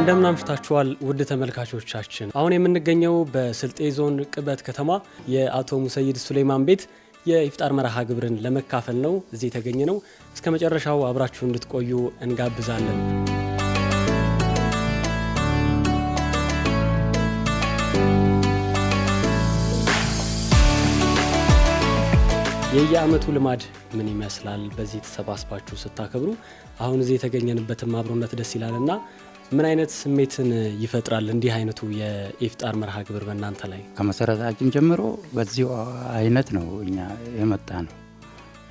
እንደምን አምሽታችኋል ውድ ተመልካቾቻችን። አሁን የምንገኘው በስልጤ ዞን ቅበት ከተማ የአቶ ሙሰይድ ሱሌማን ቤት የኢፍጣር መርሃ ግብርን ለመካፈል ነው እዚህ የተገኘ ነው። እስከ መጨረሻው አብራችሁ እንድትቆዩ እንጋብዛለን። የየአመቱ ልማድ ምን ይመስላል? በዚህ ተሰባስባችሁ ስታከብሩ አሁን እዚህ የተገኘንበትም አብሮነት ደስ ይላል እና ምን አይነት ስሜትን ይፈጥራል እንዲህ አይነቱ የኢፍጣር መርሃ ግብር በእናንተ ላይ? ከመሰረታችን ጀምሮ በዚሁ አይነት ነው እኛ የመጣ ነው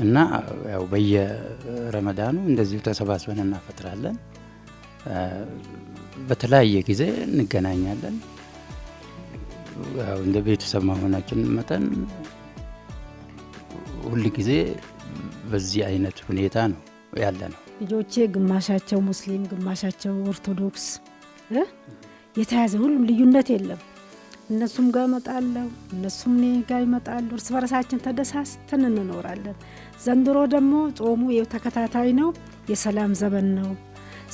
እና ያው በየረመዳኑ እንደዚሁ ተሰባስበን እናፈጥራለን። በተለያየ ጊዜ እንገናኛለን። እንደ ቤተሰብ መሆናችን መጠን ሁል ጊዜ በዚህ አይነት ሁኔታ ነው ያለ ነው። ልጆቼ ግማሻቸው ሙስሊም፣ ግማሻቸው ኦርቶዶክስ የተያዘ ሁሉም ልዩነት የለም። እነሱም ጋር እመጣለሁ፣ እነሱም እኔ ጋር ይመጣሉ። እርስ በርሳችን ተደሳስተን እንኖራለን። ዘንድሮ ደግሞ ጾሙ ተከታታይ ነው። የሰላም ዘመን ነው።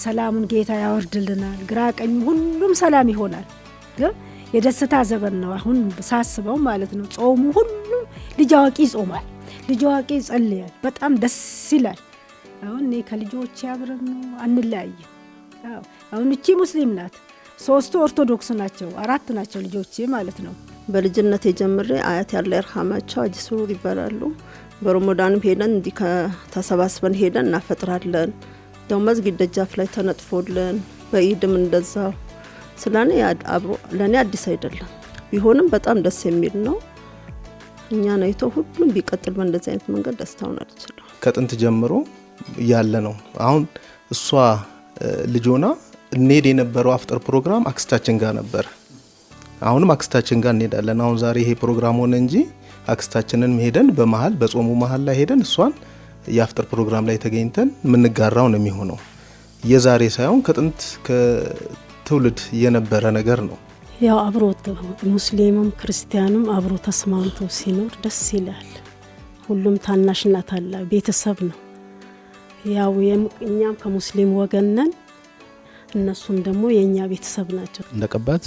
ሰላሙን ጌታ ያወርድልናል። ግራ ቀኙ ሁሉም ሰላም ይሆናል። ግን የደስታ ዘመን ነው አሁን ሳስበው ማለት ነው። ጾሙ ሁሉም ልጅ አዋቂ ይጾማል። ልጅ አዋቂ ይጸልያል። በጣም ደስ ይላል። አሁን እኔ ከልጆች አብረን ነው አንለያየ። አሁን እቺ ሙስሊም ናት፣ ሶስቱ ኦርቶዶክስ ናቸው፣ አራት ናቸው ልጆቼ ማለት ነው። በልጅነት የጀምሬ አያት ያለ እርሃማቸው አጅሱር ይባላሉ። በረሞዳንም ሄደን እንዲህ ተሰባስበን ሄደን እናፈጥራለን። ደው መዝጊድ ደጃፍ ላይ ተነጥፎልን በኢድም እንደዛው ስለኔ ለእኔ አዲስ አይደለም ቢሆንም በጣም ደስ የሚል ነው። እኛን አይቶ ሁሉም ቢቀጥል በእንደዚህ አይነት መንገድ ደስታውን አልችለው። ከጥንት ጀምሮ ያለ ነው። አሁን እሷ ልጆና እንሄድ የነበረው አፍጠር ፕሮግራም አክስታችን ጋር ነበር። አሁንም አክስታችን ጋር እንሄዳለን። አሁን ዛሬ ይሄ ፕሮግራም ሆነ እንጂ አክስታችንን ሄደን በመሀል በጾሙ መሀል ላይ ሄደን እሷን የአፍጠር ፕሮግራም ላይ ተገኝተን የምንጋራው ነው የሚሆነው። የዛሬ ሳይሆን ከጥንት ከትውልድ የነበረ ነገር ነው። ያው አብሮ ሙስሊምም ክርስቲያኑም አብሮ ተስማምቶ ሲኖር ደስ ይላል። ሁሉም ታናሽና ታላቅ ቤተሰብ ነው። ያው እኛም ከሙስሊም ወገን ነን፣ እነሱም ደግሞ የእኛ ቤተሰብ ናቸው። እንደቀባት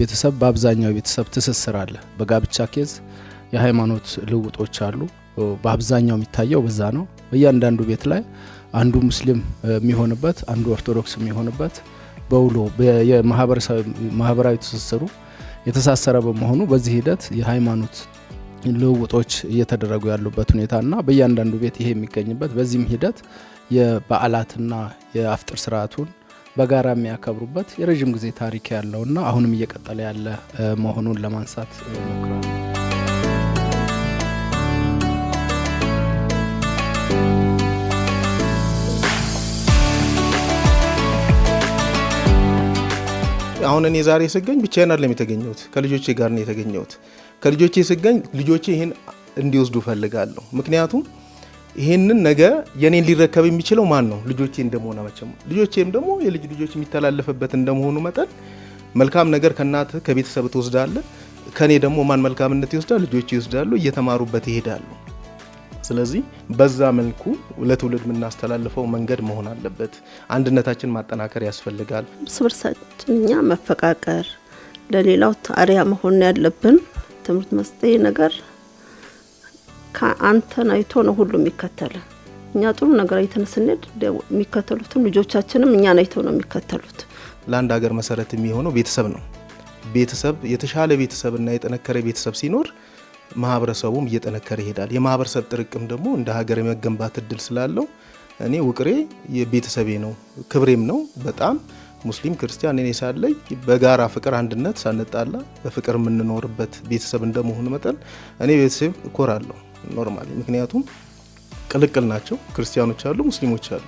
ቤተሰብ በአብዛኛው ቤተሰብ ትስስር አለ። በጋብቻ ኬዝ የሃይማኖት ልውጦች አሉ። በአብዛኛው የሚታየው በዛ ነው። በእያንዳንዱ ቤት ላይ አንዱ ሙስሊም የሚሆንበት፣ አንዱ ኦርቶዶክስ የሚሆንበት በውሎ የማህበራዊ ትስስሩ የተሳሰረ በመሆኑ በዚህ ሂደት የሃይማኖት ልውውጦች እየተደረጉ ያሉበት ሁኔታና በእያንዳንዱ ቤት ይሄ የሚገኝበት በዚህም ሂደት የበዓላትና የአፍጥር ስርዓቱን በጋራ የሚያከብሩበት የረዥም ጊዜ ታሪክ ያለውና አሁንም እየቀጠለ ያለ መሆኑን ለማንሳት ሞክራል። አሁን እኔ ዛሬ ስገኝ ብቻዬን አይደለም የተገኘሁት፣ ከልጆቼ ጋር ነው የተገኘሁት። ከልጆቼ ስገኝ ልጆቼ ይህን እንዲወስዱ ፈልጋለሁ። ምክንያቱም ይህንን ነገ የኔን ሊረከብ የሚችለው ማን ነው? ልጆቼ እንደመሆነ መቼም ልጆቼም ደግሞ የልጅ ልጆች የሚተላለፍበት እንደመሆኑ መጠን መልካም ነገር ከእናት ከቤተሰብ ትወስዳለ። ከእኔ ደግሞ ማን መልካምነት ይወስዳል? ልጆች ይወስዳሉ፣ እየተማሩበት ይሄዳሉ። ስለዚህ በዛ መልኩ ለትውልድ የምናስተላልፈው መንገድ መሆን አለበት። አንድነታችን ማጠናከር ያስፈልጋል። እርስ በርሳችን እኛ መፈቃቀር፣ ለሌላው አርአያ መሆን ያለብን ትምህርት መስጠት ነገር ከአንተን አይቶ ነው ሁሉም የሚከተልን። እኛ ጥሩ ነገር አይተን ስንሄድ የሚከተሉትም ልጆቻችንም እኛን አይተው ነው የሚከተሉት። ለአንድ ሀገር መሰረት የሚሆነው ቤተሰብ ነው። ቤተሰብ የተሻለ ቤተሰብና የጠነከረ ቤተሰብ ሲኖር ማህበረሰቡም እየጠነከረ ይሄዳል። የማህበረሰብ ጥርቅም ደግሞ እንደ ሀገር የመገንባት እድል ስላለው እኔ ውቅሬ የቤተሰቤ ነው፣ ክብሬም ነው። በጣም ሙስሊም ክርስቲያን እኔ ሳለይ በጋራ ፍቅር፣ አንድነት ሳንጣላ በፍቅር የምንኖርበት ቤተሰብ እንደመሆኑ መጠን እኔ ቤተሰብ እኮራለሁ። ኖርማሊ ምክንያቱም ቅልቅል ናቸው። ክርስቲያኖች አሉ፣ ሙስሊሞች አሉ።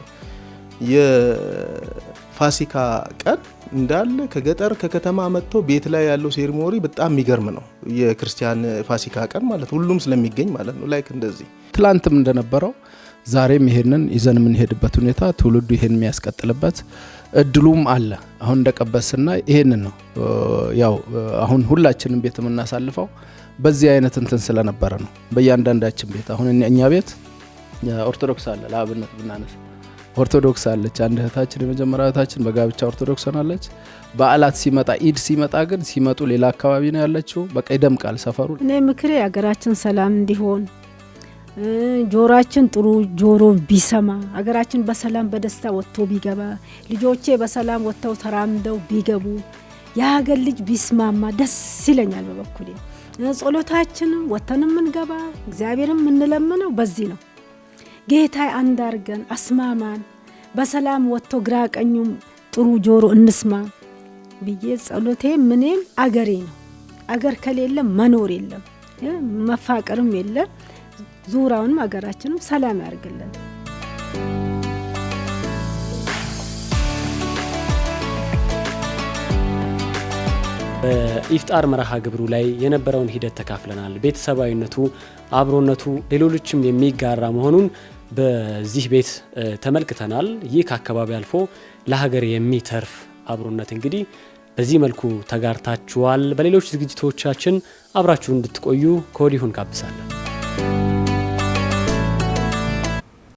የፋሲካ ቀን እንዳለ ከገጠር ከከተማ መጥተው ቤት ላይ ያለው ሴሪሞኒ በጣም የሚገርም ነው። የክርስቲያን ፋሲካ ቀን ማለት ሁሉም ስለሚገኝ ማለት ነው። ላይክ እንደዚህ ትላንትም እንደነበረው ዛሬም ይሄንን ይዘን የምንሄድበት ሁኔታ ትውልዱ ይሄን የሚያስቀጥልበት እድሉም አለ። አሁን እንደቀበስና ይሄንን ነው ያው አሁን ሁላችንም ቤት የምናሳልፈው በዚህ አይነት እንትን ስለነበረ ነው። በእያንዳንዳችን ቤት አሁን እኛ ቤት ኦርቶዶክስ አለ ለአብነት ብናነሳ ኦርቶዶክስ አለች። አንድ እህታችን የመጀመሪያ እህታችን በጋብቻ ኦርቶዶክስ ሆናለች። በዓላት ሲመጣ ኢድ ሲመጣ ግን ሲመጡ ሌላ አካባቢ ነው ያለችው። በቃ ይደምቃል ሰፈሩ። እኔ ምክሬ ሀገራችን ሰላም እንዲሆን ጆሮችን ጥሩ ጆሮ ቢሰማ ሀገራችን በሰላም በደስታ ወጥቶ ቢገባ ልጆቼ በሰላም ወጥተው ተራምደው ቢገቡ የሀገር ልጅ ቢስማማ ደስ ይለኛል። በበኩሌ ጸሎታችንም ወጥተን የምንገባ እግዚአብሔርም የምንለምነው በዚህ ነው። ጌታ አንድ አርገን አስማማን፣ በሰላም ወጥቶ ግራ ቀኙም ጥሩ ጆሮ እንስማ ብዬ ጸሎቴ ምንም አገሬ ነው። አገር ከሌለ መኖር የለም መፋቀርም የለም። ዙራውንም አገራችንም ሰላም ያርግልን። በኢፍጣር መርሃ ግብሩ ላይ የነበረውን ሂደት ተካፍለናል። ቤተሰባዊነቱ፣ አብሮነቱ ሌሎችም የሚጋራ መሆኑን በዚህ ቤት ተመልክተናል። ይህ ከአካባቢ አልፎ ለሀገር የሚተርፍ አብሮነት እንግዲህ በዚህ መልኩ ተጋርታችኋል። በሌሎች ዝግጅቶቻችን አብራችሁ እንድትቆዩ ከወዲሁን ጋብዛለን።